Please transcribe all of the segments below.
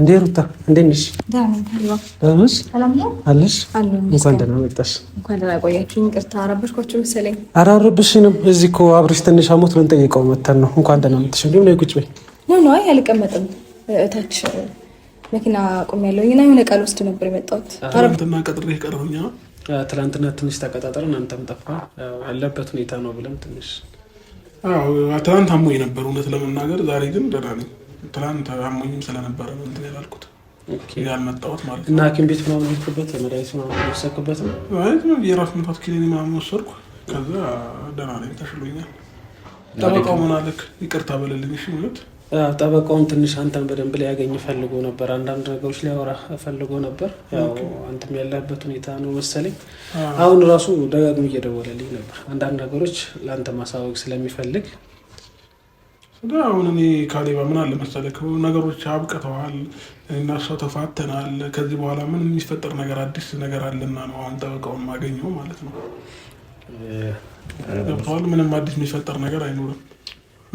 እንዴ ሩታ እንዴት ነሽ? ደህና አለሽ? እንኳን ደህና መጣሽ። እንኳን ደህና ቆያችሁ። ይቅርታ አረበሽኳችሁ መሰለኝ። ኧረ አረብሽንም እዚህ እኮ አብረሽ ትንሽ አሞት ልንጠይቀው መተን ነው። እንኳን ደህና መጣሽ። እንዴ ነው ቁጭ በይ። ኖ አይ አልቀመጥም። እታች መኪና ቆሜያለሁ እና የሆነ ቃል ወስድ ነበር የመጣሁት። አረብትና ቀጥሬ ቀረሁኛ። ትናንትና ትንሽ ተቀጣጠርን፣ አንተም ጠፋ ያለበት ሁኔታ ነው ብለን ትንሽ አዎ፣ ትናንት አሞኝ ነበር እውነት ለመናገር ዛሬ ግን ደህና ነኝ። ትላንት አሞኝም ስለነበረ ነው እንትን ያላልኩት ያልመጣሁት ማለት ነው። እና ሐኪም ቤት ምናምን ሄድክበት መድኃኒት ምናምን ወሰድክበት ነው? የራስ ምታት ኪኒን ምናምን ወሰድኩ። ከዛ ደህና ነኝ፣ ተሽሎኛል። ጠበቃው ምን አለክ? ይቅርታ በልልኝ እሺ ብሎት ጠበቃውም ትንሽ አንተን በደንብ ሊያገኝ ፈልጎ ነበር። አንዳንድ ነገሮች ሊያወራ ፈልጎ ነበር። ያው አንተም ያለህበት ሁኔታ ነው መሰለኝ። አሁን ራሱ ደጋግሞ እየደወለልኝ ነበር። አንዳንድ ነገሮች ለአንተ ማሳወቅ ስለሚፈልግ አሁን እኔ ካሌባ ምን አለ መሰለህ ነገሮች አብቅተዋል እና እሷ ተፋተናል። ከዚህ በኋላ ምን የሚፈጠር ነገር አዲስ ነገር አለና ነው አሁን ጠበቃውን ማገኘው ማለት ነው። ገብተዋል። ምንም አዲስ የሚፈጠር ነገር አይኖርም።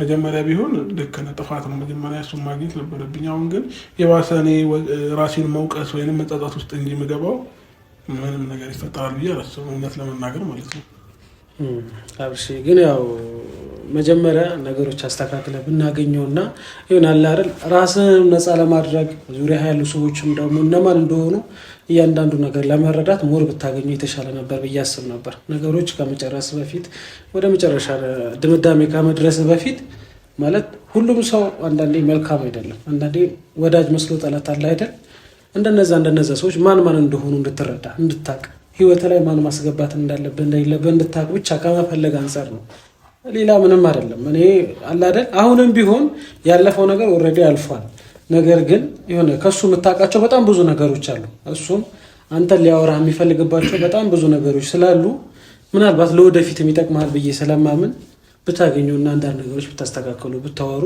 መጀመሪያ ቢሆን ልክ ነህ፣ ጥፋት ነው። መጀመሪያ እሱን ማግኘት ነበረብኝ። አሁን ግን የባሰ እኔ ራሴን መውቀስ ወይንም መጸጸት ውስጥ እንጂ የምገባው ምንም ነገር ይፈጠራል ብዬ አላስብም፣ እውነት ለመናገር ማለት ነው። ግን ያው መጀመሪያ ነገሮች አስተካክለ ብናገኘው እና ይሆን አይደል ነፃ ለማድረግ ዙሪያ ያሉ ሰዎችም ደግሞ እነማን እንደሆኑ እያንዳንዱ ነገር ለመረዳት ሞር ብታገኙ የተሻለ ነበር ብዬ አስብ ነበር። ነገሮች ከመጨረስ በፊት ወደ መጨረሻ ድምዳሜ ከመድረስ በፊት ማለት ሁሉም ሰው አንዳንዴ መልካም አይደለም። አንዳንዴ ወዳጅ መስሎ ጠላት አለ አይደል? እንደነዛ እንደነዛ ሰዎች ማን ማን እንደሆኑ እንድትረዳ እንድታቅ ህይወት ላይ ማን ማስገባት እንዳለብህ እንደሌለብህ እንድታቅ ብቻ ከመፈለግ አንጻር ነው ሌላ ምንም አይደለም። እኔ አላደል አሁንም ቢሆን ያለፈው ነገር ኦልሬዲ አልፏል። ነገር ግን የሆነ ከሱ የምታውቃቸው በጣም ብዙ ነገሮች አሉ። እሱም አንተን ሊያወራ የሚፈልግባቸው በጣም ብዙ ነገሮች ስላሉ ምናልባት ለወደፊት ይጠቅምሃል ብዬ ስለማምን ብታገኙ እና አንዳንድ ነገሮች ብታስተካከሉ ብታወሩ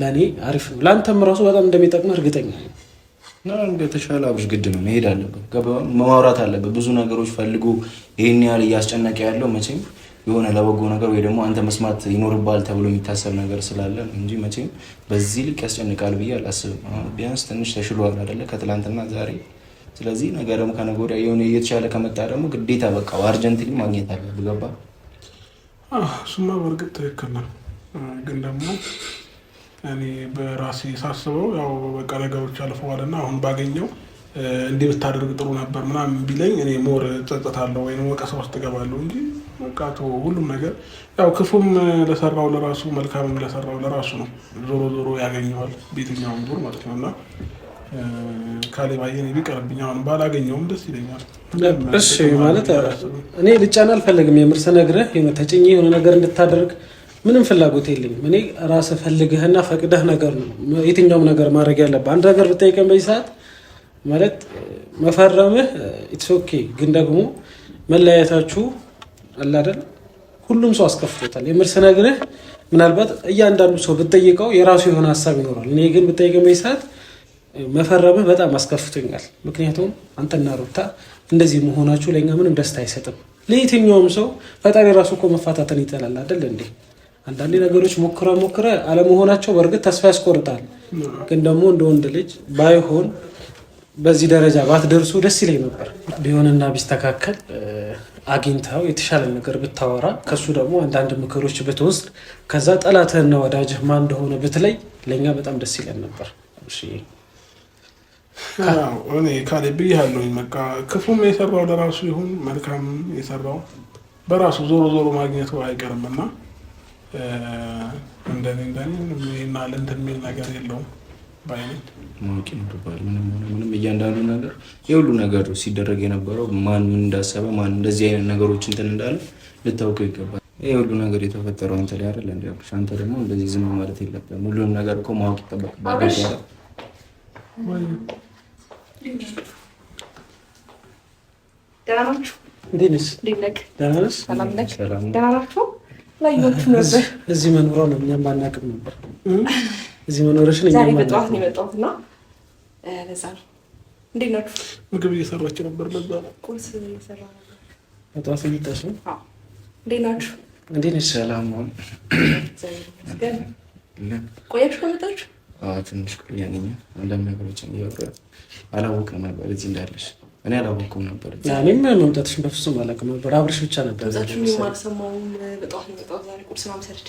ለእኔ አሪፍ ነው። ለአንተም ራሱ በጣም እንደሚጠቅም እርግጠኛ እንደተሻለ አብሽ ግድ ነው መሄድ አለበት፣ ማውራት አለበት። ብዙ ነገሮች ፈልጎ ይህን ያህል እያስጨነቀ ያለው መቼም የሆነ ለበጎ ነገር ወይ ደግሞ አንተ መስማት ይኖርባል ተብሎ የሚታሰብ ነገር ስላለ እንጂ መቼም በዚህ ልክ ያስጨንቃል ብዬ አላስብም። ቢያንስ ትንሽ ተሽሏል አደለ ከትላንትና ዛሬ። ስለዚህ ነገር ደግሞ ከነገ ወዲያ የሆነ እየተሻለ ከመጣ ደግሞ ግዴታ በቃ አርጀንቲን ማግኘት አለ ብገባ እሱማ በእርግጥ ትክክል ነው። ግን ደግሞ እኔ በራሴ ሳስበው ያው በቃ ነገሮች አልፈዋልና አሁን ባገኘው እንዲህ ብታደርግ ጥሩ ነበር ምናምን ቢለኝ እኔ ሞር ጸጥታለሁ ወይም ወቀሳ ውስጥ እገባለሁ እንጂ መቃቶ ሁሉም ነገር ያው ክፉም ለሰራው ለራሱ መልካምም ለሰራው ለራሱ ነው። ዞሮ ዞሮ ያገኘዋል በየትኛውም ዙር ማለት ነው እና ካሌባዬ ቢቀርብኝ አሁን ባላገኘውም ደስ ይለኛል። እሺ ማለት እኔ ልጫን አልፈለግም። የምር ስነግርህ ተጭኝ የሆነ ነገር እንድታደርግ ምንም ፍላጎት የለኝም። እኔ ራስህ ፈልግህና ፈቅደህ ነገር ነው የትኛውም ነገር ማድረግ ያለብህ። አንድ ነገር ብጠይቀን በዚህ ሰዓት ማለት መፈረምህ ኢትስ ኦኬ፣ ግን ደግሞ መለያየታችሁ አላደል ሁሉም ሰው አስከፍቶታል። የምር ስነግርህ ምናልባት እያንዳንዱ ሰው ብጠይቀው የራሱ የሆነ ሀሳብ ይኖራል። እኔ ግን ብጠይቀው ሰዓት መፈረምህ በጣም አስከፍቶኛል። ምክንያቱም አንተና ሩታ እንደዚህ መሆናችሁ ለእኛ ምንም ደስታ አይሰጥም። ለየትኛውም ሰው ፈጣሪ ራሱ እኮ መፋታተን ይጠላል አደል እንዴ? አንዳንዴ ነገሮች ሞክረ ሞክረ አለመሆናቸው በእርግጥ ተስፋ ያስቆርጣል። ግን ደግሞ እንደ ወንድ ልጅ ባይሆን በዚህ ደረጃ ባትደርሱ ደስ ይለኝ ነበር። ቢሆንና ቢስተካከል አግኝተው የተሻለ ነገር ብታወራ ከሱ ደግሞ አንዳንድ ምክሮች ብትወስድ ከዛ ጠላትህና ወዳጅህ ማን እንደሆነ ብትለይ ለእኛ በጣም ደስ ይለን ነበር። እኔ ካሌብ ያለሁኝ በቃ ክፉም የሰራው ለራሱ ይሁን መልካም የሰራው በራሱ ዞሮ ዞሮ ማግኘቱ አይቀርምና እንደኔ እንደኔ ይናል ልንት የሚል ነገር የለውም። ማወቅ ይኖርብሃል። ምንም ሆነ ምንም እያንዳንዱ ነገር የሁሉ ነገር ሲደረግ የነበረው ማን ምን እንዳሰበ ማን እንደዚህ አይነት ነገሮች እንትን እንዳለ ልታውቀው ይገባል። ይህ ሁሉ ነገር የተፈጠረው አንተ ላይ እንዲ አንተ ደግሞ እንደዚህ ዝም ማለት የለብህም። ሁሉንም ነገር እኮ ማወቅ ነበር እዚህ መኖሯ ነው እኛም አናውቅም ነበር እዚህ መኖርሽን ዛሬ በጠዋት ነው የመጣሁት እና ለዛ ነው። እንዴት ምግብ እየሰራች ነበር። ለዛ ነው ቁርስ እየሰራ ነበር። በጠዋት እየጠሽ ነው። እንዴት ናችሁ? እንዴት ሰላም ሆን ቆያችሁ ከመጣችሁ? ትንሽ ቆያን። አንዳንድ ነገሮችን ነበር እዚህ እንዳለሽ እኔ አላወቅኩም ነበር። እኔም መምጣትሽን በፍጹም አላውቅም ነበር። አብረሽ ብቻ ነበር ዛሬ ቁርስ ማምሰርቼ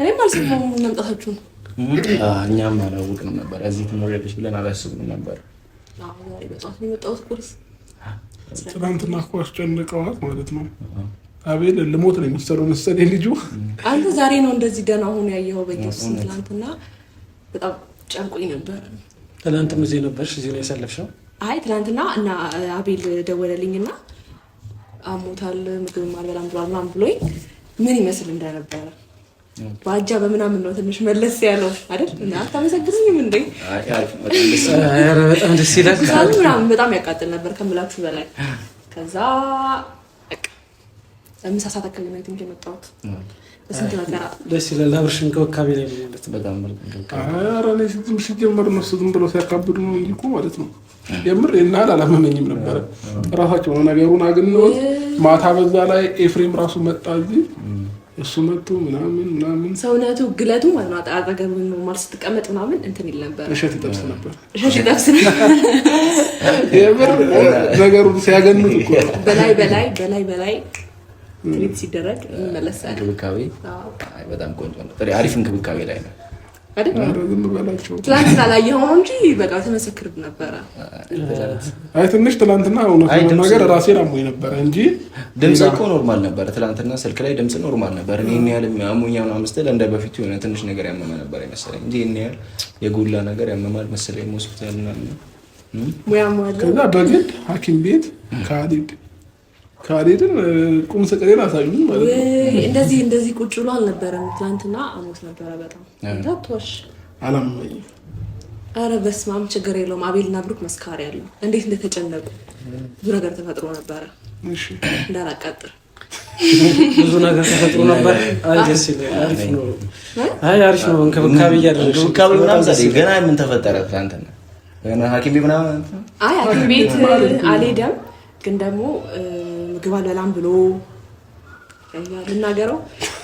እኔም አልሰማሁም መምጣታችሁን። እኛም አላወቅንም ነበር። እዚህ ትኖሪያለሽ ብለን አላስብንም ነበር። ትናንትና እኮ አስጨንቀዋት ማለት ነው። አቤል ልሞት ነው የሚሰለው መሰለኝ ልጁ። አንተ ዛሬ ነው እንደዚህ ደህና ሆኖ ያየኸው? በኢየሱስ ትናንትና በጣም ጨንቆኝ ነበር። ትናንትም እዚህ ነበርሽ? እዚህ ነው ያሳለፍሽው? አይ ትናንትና እና አቤል ደወለልኝ እና አሞታል ምግብ አልበላም ብሏል ምናምን ብሎኝ ምን ይመስል እንደነበረ በአጃ በምናምን ነው ትንሽ መለስ ያለው አይደል? አታመሰግኑኝም እንዴ? በጣም ደስ ይላል። ምናምን በጣም ያቃጥል ነበር ከምላችሁ በላይ። ከዛ ምሳ ሰዓት አካባቢ ነው የትንሽ የመጣሁት። ደስ ይላል። አብርሽ እንክብካቤ ላይ ማለት በጣም ሲጀመር እነሱ ዝም ብለው ሲያካብዱ ነው እንጂ እኮ ማለት ነው የምር አላመመኝም ነበረ። ነው ነገሩን አግኝተውት ማታ በዛ ላይ ኤፍሬም ራሱ መጣ እዚህ እሱ መጥቶ ምናምን ምናምን ሰውነቱ ግለቱ ማለት ነው። አጠገብ ኖርማል ስትቀመጥ ምናምን እንትን ይል ነበር፣ እሸት ይጠብስ ነበር፣ እሸት ይጠብስ ነበር። የምር ነገሩ ሲያገኙት እኮ በላይ በላይ በላይ በላይ ትሪት ሲደረግ እንመለሳለን። እንክብካቤ በጣም ቆንጆ ነው። አሪፍ እንክብካቤ ላይ ነው ትላንትና ትንሽ ትላንትና እውነት ነገር ራሴን አሞኝ ነበረ እንጂ ድምፅ እኮ ኖርማል ነበረ። ትላንትና ስልክ ላይ ድምፅ ኖርማል ነበር። ይህን ያህል አሞኛ እንደ በፊቱ የሆነ ትንሽ ነገር ያመመ ነበር እንጂ ይህን ያህል የጎላ ነገር ያመማል መሰለኝ ሆስፒታል ከዛ በግድ ሐኪም ቤት ካልሄድን ቁም ስቅሬን አሳዩ ማለት ነው። እንደዚህ እንደዚህ ቁጭ ብሎ አልነበረም። ትላንትና አሞት ነበረ በጣም ዳቶሽ አላመኝ። አረ በስመ አብ ችግር የለውም። አቤልና ብሩክ መስካሪ አለው። እንዴት እንደተጨነቁ ብዙ ነገር ተፈጥሮ ነበረ። እንዳላቃጥር ብዙ ነገር ተፈጥሮ ነበር። ደስ አሪፍ ነው። እንክብካቤ እያደረግሽ ገና ምን ተፈጠረ? ትናንትና ሐኪም ቤት ምናምን አይ ሐኪም ቤት አልሄደም ግን ደግሞ ምግብ አልበላም ብሎ ልናገረው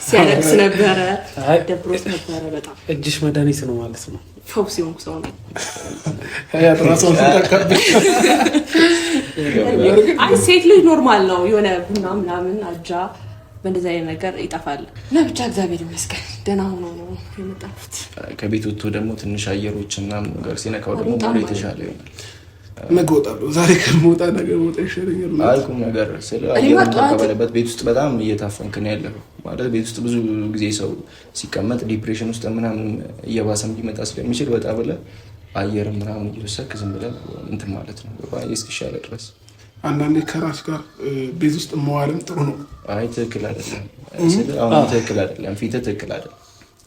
ሲያለቅስ ነበረ። ደብሮት ነበረ በጣም። እጅሽ መድኃኒት ነው ማለት ነው። ፈውስ የሆንኩ ሰው ነው። አይ ሴት ልጅ ኖርማል ነው የሆነ ቡና ምናምን አጃ በእንደዚህ አይነት ነገር ይጠፋል ለብቻ እግዚአብሔር ይመስገን ደህና ሆኖ ነው የመጣሁት። ከቤት ወጥቶ ደግሞ ትንሽ አየሮች እና ነገር ሲነካው ደግሞ የተሻለ ይሆናል። ነገ ዛሬ ከምወጣ ነገ ወጣ ይሻለኛል አልኩህ። ነገር ስለ ቤት ውስጥ በጣም እየታፈንክ ነው ያለኸው። ማለት ቤት ውስጥ ብዙ ጊዜ ሰው ሲቀመጥ ዲፕሬሽን ውስጥ ምናምን እየባሰ ሊመጣ ስለሚችል ወጣ ብለህ አየር ምናምን እየወሰድክ ዝም ብለህ እንትን ማለት ነው እስኪሻለ ድረስ። አንዳንዴ ከራስ ጋር ቤት ውስጥ መዋልም ጥሩ ነው። አይ ትክክል አይደለም፣ አሁን ትክክል አይደለም፣ ፊትህ ትክክል አይደለም።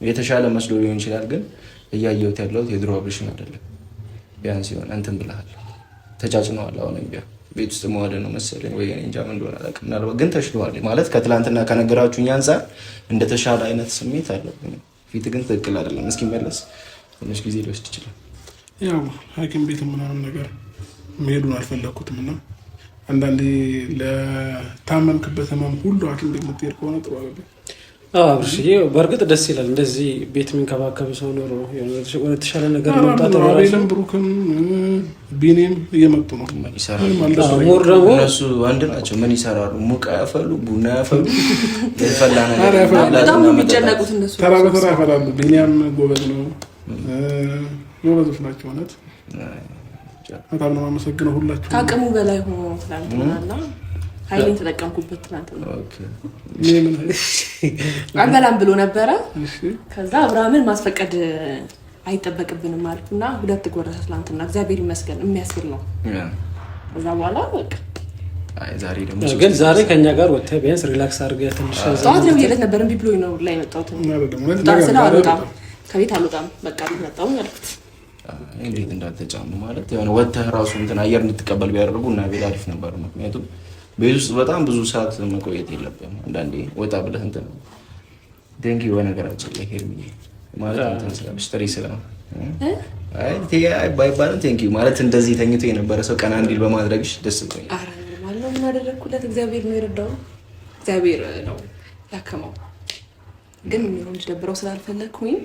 የተሻለ መስሎ ሊሆን ይችላል፣ ግን እያየሁት ያለሁት የድሮ አብሬሽን አይደለም። ቢያንስ ይሆን እንትን ብለሃል ተጫጭነዋል። አሁን እንጃ ቤት ውስጥ መዋል ነው መሰለኝ ወይ እንጃ ምን እንደሆነ አላውቅም። ምናልባት ግን ተሽለዋል ማለት ከትላንትና ከነገራችሁኝ አንጻር ተሻለ አይነት ስሜት አለብኝ። ፊት ግን ትክክል አይደለም። እስኪመለስ ትንሽ ጊዜ ሊወስድ ይችላል። ያው ሐኪም ቤት ምናምን ነገር መሄዱን አልፈለግኩትም እና አንዳንዴ ለታመምክበት ህመም ሁሉ ሐኪም ቤት የምትሄድ ከሆነ ጥሩ አይደለም። አብርሽዬ በእርግጥ ደስ ይላል። እንደዚህ ቤት የሚንከባከብ ሰው ኖሮ ወደ ተሻለ ነገር መምጣት አቤልም ብሩክም ቢኔም እየመጡ ነው። ሞር እነሱ አንድ ናቸው። ምን ይሰራሉ? ሙቅ ያፈሉ፣ ቡና ያፈሉ፣ የፈላ ነገር በጣም የሚጨነቁት እነሱ። ተራ በተራ ያፈላሉ። ቢኒያም ጎበዝ ነው። ጎበዞች ናቸው። እውነት በጣም ነው የማመሰግነው ሁላችሁ ከአቅሙ በላይ ሆኖ ትላንትና ኃይሌን ተጠቀምኩበት። ትናንት ነው ብሎ ነበረ። ከዛ አብርሃምን ማስፈቀድ አይጠበቅብንም አልኩና ሁለት ጎረሰ ትናንትና። እግዚአብሔር ይመስገን የሚያስብል ነው። ከዛ በኋላ በቃ ግን ዛሬ ከኛ ጋር ወጥተህ ቢያንስ ሪላክስ አድርገህ ትንሽ ጠዋት ነው ብዬለት ነበር። እምቢ ብሎኝ ነው ላይ መጣሁት ከቤት አልወጣም፣ በቃ ቤት ያልኩት አልኩት። እንዴት እንዳልተጫኑ ማለት የሆነ ወጥተህ ራሱ እንትን አየር እንድትቀበል ቢያደርጉ እና ቤት አሪፍ ነበር ምክንያቱም ቤት ውስጥ በጣም ብዙ ሰዓት መቆየት የለብም። አንዳንዴ ወጣ ብለህ እንትን ደንግ የሆነ ነገር ሄርሚ ማለት ስለ ባይባልም ቴንክ ማለት እንደዚህ ተኝቶ የነበረ ሰው ቀና እንዲል በማድረግሽ ደስ ማለት ብሎኛል። ምናደረግኩለት እግዚአብሔር ነው የረዳው፣ እግዚአብሔር ነው ያከመው። ግን የሚሆ ደብረው ስላልፈለግኩኝ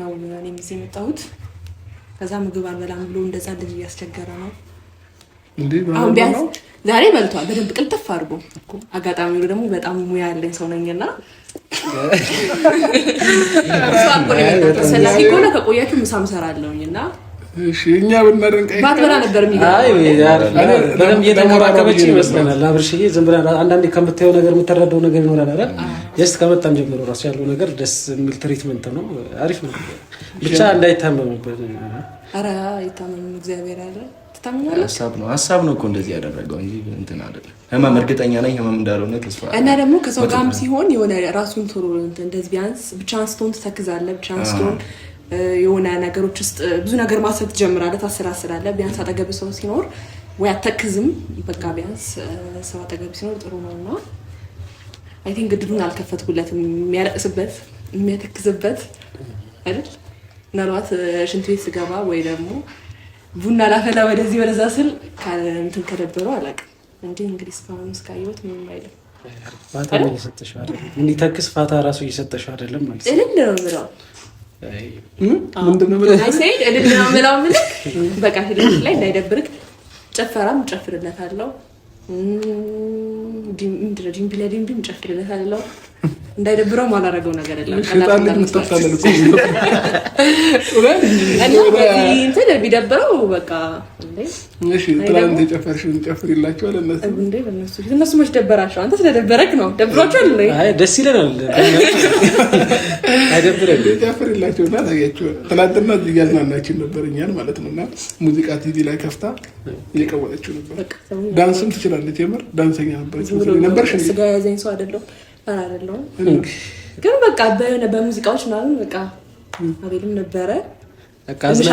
ነው እኔም እዚህ የመጣሁት። ከዛ ምግብ አልበላም ብሎ እንደዛ ልጅ እያስቸገረ ነው ቢያንስ ዛሬ በልቷል በደንብ ቅልጥፍ አድርጎ። አጋጣሚ ደግሞ በጣም ሙያ ያለኝ ሰው ነኝና ሰላፊ ከሆነ ከቆያችሁ ምሳ ምሰራለሁኝ እና እኛ ብናደንቀኝ ባትበላ ነበር። ይመስለናል። አብርሽዬ ዝም ብለህ አንዳንዴ ከምታየው ነገር የምትረዳው ነገር ይኖራል አይደል? ደስ ከመጣም ጀምሮ ራሱ ያለው ነገር ደስ የሚል ትሪትመንት ነው። አሪፍ ነው። ብቻ እንዳይታመምበት። ኧረ አይታመምም እግዚአብሔር አይደል? ሀሳብ ነው ሀሳብ ነው እኮ እንደዚህ ያደረገው እንጂ እንትን አይደለም። ህመም እርግጠኛ ነኝ ህመም እንዳልሆነ ተስፋ እና ደግሞ ከሰው ጋርም ሲሆን የሆነ ራሱን ቶሎ እንደዚህ ቢያንስ ብቻህን ስትሆን ትተክዛለህ፣ ብቻህን ስትሆን የሆነ ነገሮች ውስጥ ብዙ ነገር ማሰብ ትጀምራለህ፣ ታሰላስላለህ። ቢያንስ አጠገብ ሰው ሲኖር ወይ አተክዝም፣ በቃ ቢያንስ ሰው አጠገብ ሲኖር ጥሩ ነው እና አይ ቲንክ እድሉን አልከፈትኩለትም። የሚያለቅስበት የሚያተክዝበት አይደል ምናልባት ሽንት ቤት ስገባ ወይ ደግሞ ቡና ላፈላ ወደዚህ ወደዛ ስል እንትን ከደበሩ አላውቅም። እንዲህ እንግዲህ እስካሁን እስካየሁት ምንም አይልም። ፋታ እየሰጠሽ አይደለም፣ እንዲተክስ ፋታ ራሱ እየሰጠሽ አይደለም ማለት ነው። እልል ነው የምለው ምንድን ነው የምለው ምልክ በቃ ሂደት ላይ እንዳይደብርክ ጨፈራም እጨፍርለታለሁ። ምንድን ነው ዲምቢ ለዲምቢም እጨፍርለታለሁ እንዳይደብረው ማላረገው ነገር የለም። እንትን ቢደብረው በቃ ደበራቸው? አንተ ስለደበረክ ነው። ደብሯቸዋል። ደስ ይለናል። ጨፍሪላቸውና ነበር እኛን ማለት ነው። እና ሙዚቃ ቲቪ ላይ ከፍታ እየቀወጠችው ነበር። ዳንስም ትችላለች። የምር ዳንሰኛ ነበረች። ነበርሽ ስጋ ያዘኝ ሰው አይደለሁም በር አይደለሁም ግን በቃ በሆነ በሙዚቃዎች ምናምን በቃ አቤልም ነበረ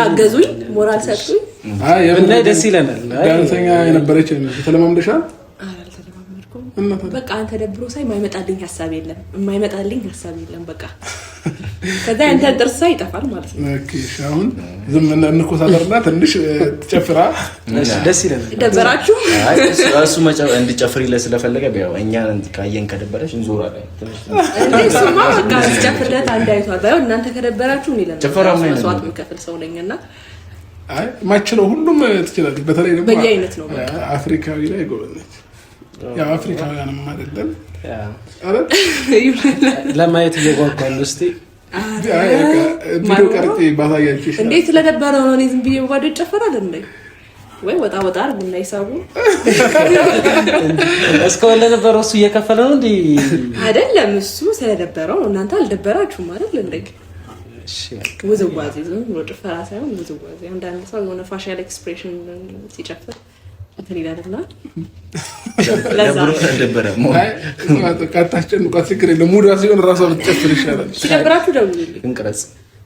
አገዙኝ፣ ሞራል ሰጡኝ። ደስ ይለናል። ዳንሰኛ የነበረች ተለማምደሻል? አልተለማመድኩም። በቃ አንተ ደብሮ ሳይ የማይመጣልኝ ሀሳብ የለም የማይመጣልኝ ሀሳብ የለም በቃ ከዛ ያንተ ይጠፋል ማለት ነው። አሁን ዝም እንኮሳተርና ትንሽ ትጨፍራ ደስ ደበራችሁ እሱ ስለፈለገ እኛ ካየን ከደበረች እንዞራለን። እሱማ በቃ ጨፍርለት እናንተ ከደበራችሁ የምከፍል ሰው ነኝ እና ሁሉም ትችላለች። በተለይ ደግሞ አፍሪካዊ ላይ ጎበዝ ነች። ያው አፍሪካውያንም አይደለም ለማየት እየጓጓን እስቲ እንዴት ለነበረው ነው። እኔ ዝም ብዬ በጓዶ ይጨፈራል እንዴ? ወይ ወጣ ወጣ አርግና ይሳቡ እስካሁን ለነበረው እሱ እየከፈለ ነው እንዲ አይደለም። እሱ ስለነበረው እናንተ አልደበራችሁም አይደል እንዴ? ውዝዋዜ ዝም ብሎ ጭፈራ ሳይሆን ውዝዋዜ። አንዳንድ ሰው የሆነ ፋሻል ኤክስፕሬሽን ሲጨፍር እንትን ይላልና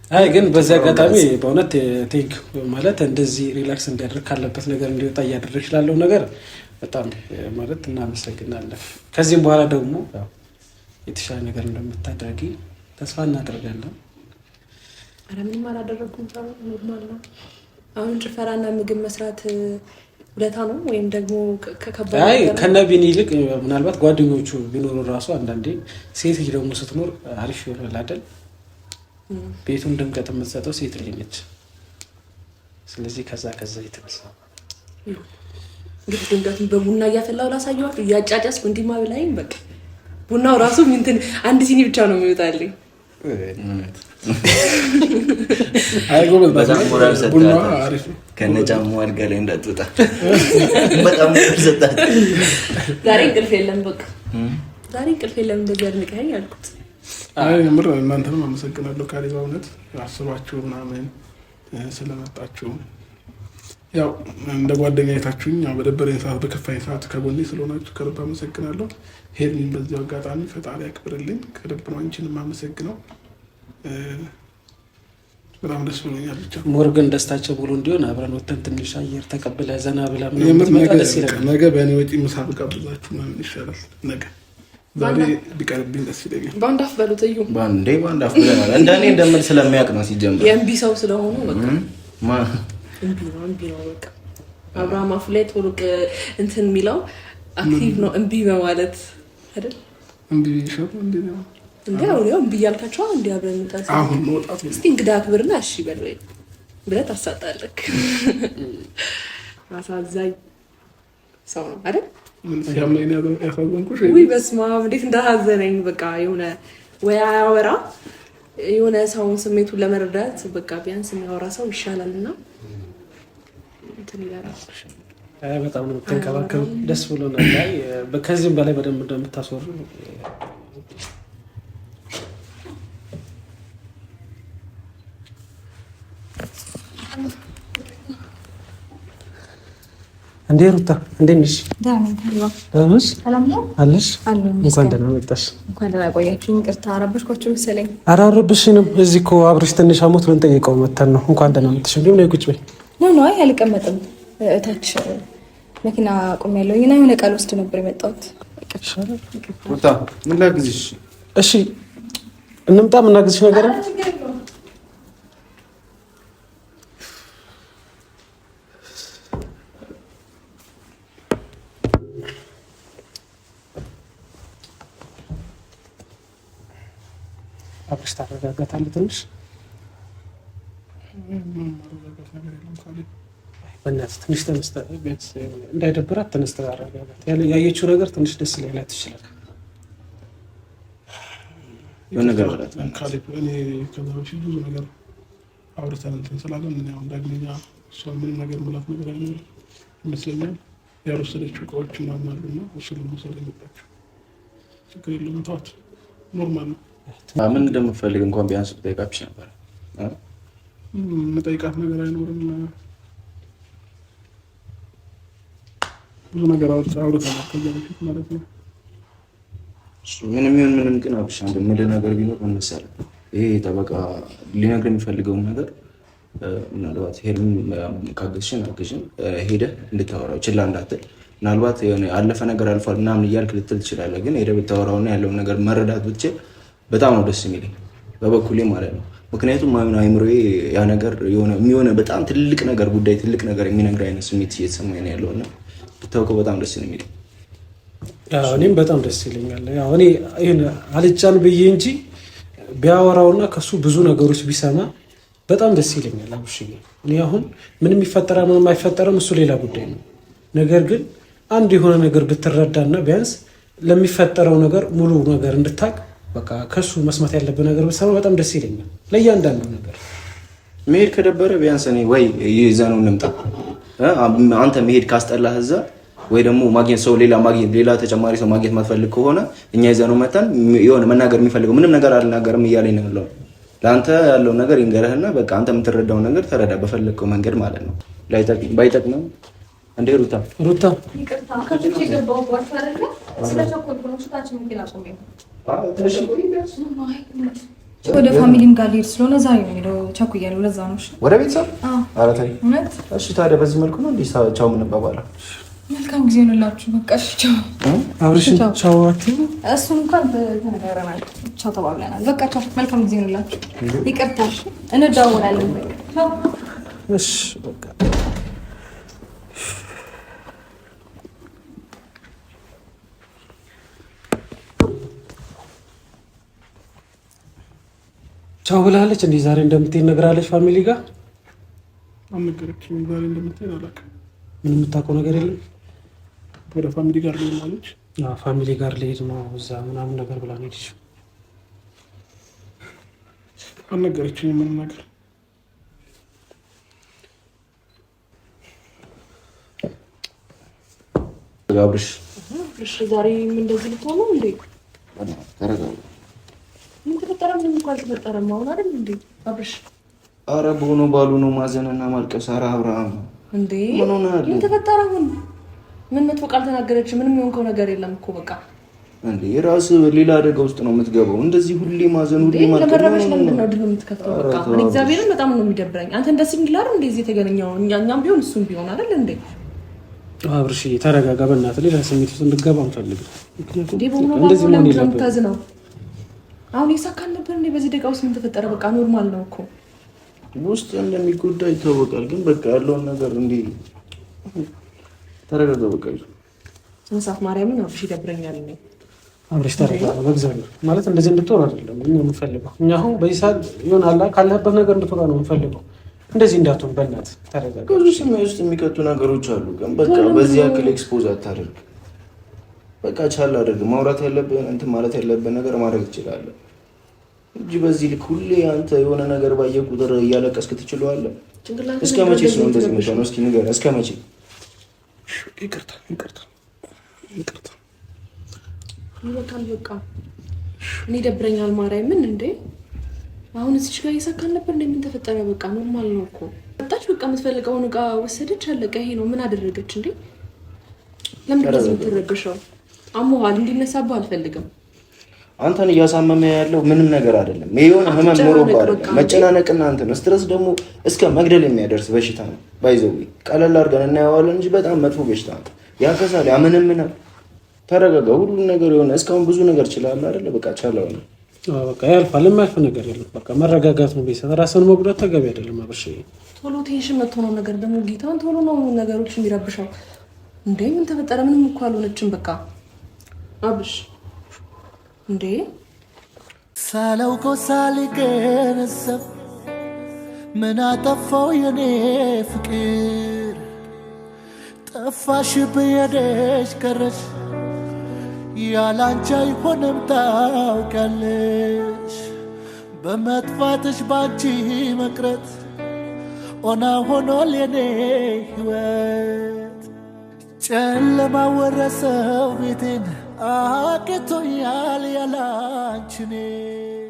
ግን በዚህ አጋጣሚ በእውነት ቴንክ ማለት እንደዚህ ሪላክስ እንዲያደርግ ካለበት ነገር እንዲወጣ እያደረግ ስላለው ነገር በጣም ማለት እናመሰግናለን። ከዚህም በኋላ ደግሞ የተሻለ ነገር እንደምታደርጊ ተስፋ እናደርጋለን። ምንም አላደረኩም። ኖርማል ነው። አሁን ጭፈራና ምግብ መስራት ውለታ ነው ወይም ደግሞ ከነ ቢኒ ይልቅ ምናልባት ጓደኞቹ ቢኖሩ ራሱ አንዳንዴ ሴት ልጅ ደግሞ ስትኖር አሪፍ ይሆናል አይደል? ቤቱን ድምቀት የምትሰጠው ሴት ልጅ ነች። ስለዚህ ከዛ ከዛ የተነሳ እንግዲህ ድምቀቱን በቡና እያፈላው ላሳየዋት እያጫጫስኩ እንዲህ ብላይም በቃ ቡናው ራሱ እንትን አንድ ሲኒ ብቻ ነው የሚወጣልኝ። ከነ ከነጫሙ አልጋ ላይ እንዳትወጣ በጣም ሰጣት። ዛሬ እንቅልፍ የለም፣ በቃ ዛሬ እንቅልፍ የለም። እንደዚህ አድንቀኸኝ አልኩት። ምር እናንተንም አመሰግናለሁ። ካሪዛ እውነት አስባችሁ ምናምን ስለመጣችሁ ያው እንደ ጓደኛ የታችሁኝ በደበረኝ ሰዓት በከፋኝ ሰዓት ከጎኔ ስለሆናችሁ ከልብ አመሰግናለሁ። ሄርሊን በዚያው አጋጣሚ ፈጣሪ ያክብርልኝ። ከልብ ነው አንቺን የማመሰግነው። በጣም ደስ ብሎኛል። ብቻ ሞርገን ደስታቸው ብሎ እንዲሆን አብረን ወተን ትንሽ አየር ተቀብለ ዘና ብላ ነገ በእኔ ወጪ ምሳ ብጋብዛችሁ ምናምን ይሻላል። ነገ ዛሬ ቢቀርብኝ ደስ ይለኛል። በአንድ አፍ በሉት እዩ በአንዴ በአንድ አፍ ብለናል። እንደ እኔ እንደምል ስለሚያውቅ ነው። ሲጀምር የእምቢ ሰው ስለሆኑ እምቢ ነው እምቢ ነው በቃ አብርሃም አፉ ላይ ቶሎ እንትን የሚለው አክቲቭ ነው እምቢ በማለት አይደል? እምቢ እንዴ ነው እንዴ? አሁን ያው እምቢ እያልካቸው እንዴ አብረን አሁን መውጣት ነው። እስቲ እንግዳ አክብርና እሺ በል ወይ ብለህ ታሳጣለህ። አሳዛኝ ሰው ነው አይደል? ውይ በስመ አብ እንዴት እንዳሳዘነኝ በቃ የሆነ ወይ አያወራ የሆነ ሰውን ስሜቱን ለመረዳት በቃ ቢያንስ የሚያወራ ሰው ይሻላል እና እንትን ይላል። በጣም ነው የምትንከባከብ። ደስ ብሎናል። ላይ ከዚህም በላይ በደንብ እንደምታስወሩ እንዴ ሩታ እንዴት ነሽ? አለሽ? እንኳን ደህና መጣሽ። እንኳን ደህና ቆያችሁ። ይቅርታ አረበሽኳችሁ መሰለኝ። ኧረ አረብሽንም እዚህ እኮ አብረሽ ትንሽ አሞት ብንጠይቀው መተን ነው። እንኳን ደህና መጣሽ። እንዲሁም ነይ ቁጭ በይ። ኖ ኖ አልቀመጥም እታች መኪና አቁሜያለሁኝ እና የሆነ ቃል ውስጥ ነበር የመጣሁት። ምን ላግዝሽ? እሺ እንምጣ። ምን ላግዝሽ ነገር አለ? ታረጋጋታለህ ትንሽ በእናትህ ትንሽ ተነስተህ እንዳይደብራት ተነስተህ አረጋጋት። ያየችው ነገር ትንሽ ደስ ላይላት ይችላል። ብዙ ነገር አውርተን እንትን ስላለን ዳግመኛ እሷ ምን ነገር ምላት ነገር ይመስለኛል። ያልወሰደችው እቃዎች ምናምን ለመውሰድ ችግር ተዋት፣ ኖርማል ነው። ምን እንደምፈልግ እንኳን ቢያንስ ብጠይቃ ነበር። ነገር አይኖርም ብዙ ነገር አውርተናል ከዛ በፊት ማለት ነው። ምንም ይሁን ምንም ግን አብሽ አንድ ምል ነገር ቢኖር ምን መሰለህ፣ ይሄ ጠበቃ ሊነግር የሚፈልገውን ነገር ምናልባት ሄልም ካገዝሽን አገዥን ሄደ እንድታወራው ችላ እንዳትል። ምናልባት አለፈ ነገር አልፏል ምናምን እያልክ ልትል ትችላለህ። ግን ሄደህ ብታወራውና ያለውን ነገር መረዳት ብትችል በጣም ነው ደስ የሚለኝ በበኩሌ ማለት ነው። ምክንያቱም አሁን አይምሮ ያ ነገር የሆነ በጣም ትልቅ ነገር ጉዳይ ትልቅ ነገር የሚነግር አይነት ስሜት እየተሰማኝ ነው ያለውና ብታውቀው በጣም ደስ ይለኛል። እኔም በጣም ደስ ይለኛል። እኔ ይህን አልጫን ብዬ እንጂ ቢያወራውና ከሱ ብዙ ነገሮች ቢሰማ በጣም ደስ ይለኛል። አቡሽ እኔ አሁን ምንም ይፈጠራ ምንም አይፈጠረም እሱ ሌላ ጉዳይ ነው። ነገር ግን አንድ የሆነ ነገር ብትረዳና ቢያንስ ለሚፈጠረው ነገር ሙሉ ነገር እንድታቅ በቃ ከሱ መስማት ያለብህ ነገር ብትሰማ በጣም ደስ ይለኛል። ለእያንዳንዱ ነገር መሄድ ከደበረ ቢያንስ እኔ ወይ ይዘነው እንምጣ አንተ መሄድ ካስጠላህ እዛ ወይ ደግሞ ማግኘት ሰው ሌላ ማግኘት ሌላ ተጨማሪ ሰው ማግኘት ማትፈልግ ከሆነ እኛ ይዘህ ነው መተን የሆነ መናገር የሚፈልገው ምንም ነገር አልናገርም እያለኝ ነው ያለው። ለአንተ ያለው ነገር ይንገረህና በቃ አንተ የምትረዳው ነገር ተረዳ፣ በፈለግከው መንገድ ማለት ነው። ባይጠቅምም እንደ ሩታ ሩታ ይቅርታ ወደ ፋሚሊም ጋር ልሄድ ስለሆነ ዛሬ ነው የምሄደው። ቸኩያለሁ። ለዛ ነው። ወደ ቤተሰብ ኧረ እውነት? እሺ። ታዲያ በዚህ መልኩ ነው እንዴ ቻው የምንባባለው? መልካም ጊዜ ሆንላችሁ። በቃ እሺ፣ ቻው። አብርሽ ቻው አችሁ። እሱን እንኳን ተነጋግረናል፣ ቻው ተባብለናል። በቃ ቻው፣ መልካም ጊዜ ሆንላችሁ። ይቅርታ፣ እንደዋወላለን። ቻው። እሺ፣ በቃ ቻው ብላለች። እንዴ ዛሬ እንደምትሄድ ነግራለች ፋሚሊ ጋር አልነገረችኝም። ዛሬ እንደምትሄድ አላውቅም። ምን የምታውቀው ነገር የለም። ወደ ፋሚሊ ጋር ልሄድ ማለች። ፋሚሊ ጋር ልሄድ ነው እዛ ምናምን ነገር ብላ ነው ሄደች። አልነገረችኝም ምን ነገር። አብርሽ ምን እንደዚህ ልትሆን ነው እንዴ? ተረጋጋ ተፈጠረ ምንም አልተፈጠረም። አሁን አይደል እንዴ አብርሽ? አረ በሆነ ባሉ ነው ማዘንና ማልቀስ። አረ አብርሃም እንዴ ምን ሆነ? ምን ተፈጠረ? አሁን ምን መጥፎ ቃል ተናገረች? ምንም የሆንከው ነገር የለም እኮ በቃ እንዴ የራስ ሌላ አደጋ ውስጥ ነው የምትገባው። እንደዚህ ሁሌ ማዘን ሁሌ ማልቀስ ለምንድን ነው ድል የምትከፍተው? በቃ እግዚአብሔርን በጣም ነው የሚደብረኝ። አንተ እንደዚህ እንግላር እዚህ የተገናኘው እኛም ቢሆን እሱም ቢሆን አይደል እንዴ አብርሽ፣ ተረጋጋ በእናትህ። ሌላ ስሜት ውስጥ እንድገባ አልፈልግም። እንደዚህ ነው አሁን ይሳካል ነበር እንዴ? በዚህ ደቂቃ ውስጥ ምን ተፈጠረ? በቃ ኖርማል ነው እኮ ውስጥ እንደሚጎዳ ይታወቃል። ግን በቃ ያለውን ነገር እንዲ ተረጋጋ። በቃ መጽሐፍ ማርያምን አብሽ ይደብረኛል። አብረሽ ታረጋ በእግዚአብሔር ማለት እንደዚህ እንድትወር አይደለም እኛ የምንፈልገው። እኛ አሁን በዚህ ሰዓት አለ ካለህበት ነገር እንድትወራ ነው የምንፈልገው። እንደዚህ እንዳትሆን በእናትህ ተረጋጋ። ብዙ ስሜ ውስጥ የሚቀጡ ነገሮች አሉ። ግን በቃ በዚህ ያክል ኤክስፖዝ አታደርግ በቃ ቻል አድርግ። ማውራት ያለብህን እንትን ማለት ያለብህን ነገር ማድረግ ትችላለህ እንጂ በዚህ ልክ ሁሌ አንተ የሆነ ነገር ባየ ቁጥር እያለቀስክ ትችለዋለህ። እስከ መቼ ነው እንደዚህ መሆን? እስኪ ንገረኝ፣ እስከ መቼ? ይቅርታ ይቅርታ ይቅርታ። ይበቃል፣ በቃ እኔ ደብረኛል። ማርያምን እንዴ! አሁን እዚች ጋር እየሳካን ነበር። እንዴ? ምን ተፈጠረ? በቃ ኖርማል ነው እኮ መጣች። በቃ የምትፈልገውን እቃ ወሰደች፣ አለቀ። ይሄ ነው ምን አደረገች እንዴ? ለምንድን ነው የምትረብሸው? አሞሃል እንዲነሳብህ አልፈልግም። አንተን እያሳመመ ያለው ምንም ነገር አይደለም። የሆነ ህመም ኖሮብህ አይደለም። መጨናነቅና እንትን ስትረስ ደግሞ እስከ መግደል የሚያደርስ በሽታ ነው። ባይዘው ቀለል አድርገን እናየዋለን እንጂ በጣም መጥፎ በሽታ ነው። ያከሳል፣ ያምንምናል። ተረጋጋ። ሁሉን ነገር የሆነ እስካሁን ብዙ ነገር ችላል አይደለ? በቃ ቻለው ነው በቃ ያልፋል። የማያልፍ ነገር የለም። በቃ መረጋጋት ነው። ቤተሰብ ራስን መጉዳት ተገቢ አይደለም። አብርሽ ቶሎ ቴንሽን መጥቶ ነው ነገር ደግሞ ጌታን ቶሎ ነው ነገሮች የሚረብሸው። እንዴ ምን ተፈጠረ? ምንም እኮ አልሆነችም። በቃ አብሽ እንዴ ሳላውቆ ሳልገነዘብ ምን አጠፋው የኔ ፍቅር ጠፋሽ ብየደሽ ቀረሽ ያላንቻ አይሆንም ታውቂያለሽ በመጥፋትሽ ባንቺ መቅረት ኦና ሆኗል የኔ ሕይወት ጨለማ ወረሰው ቤቴን አቅቶኛል ah, ያላንችኔ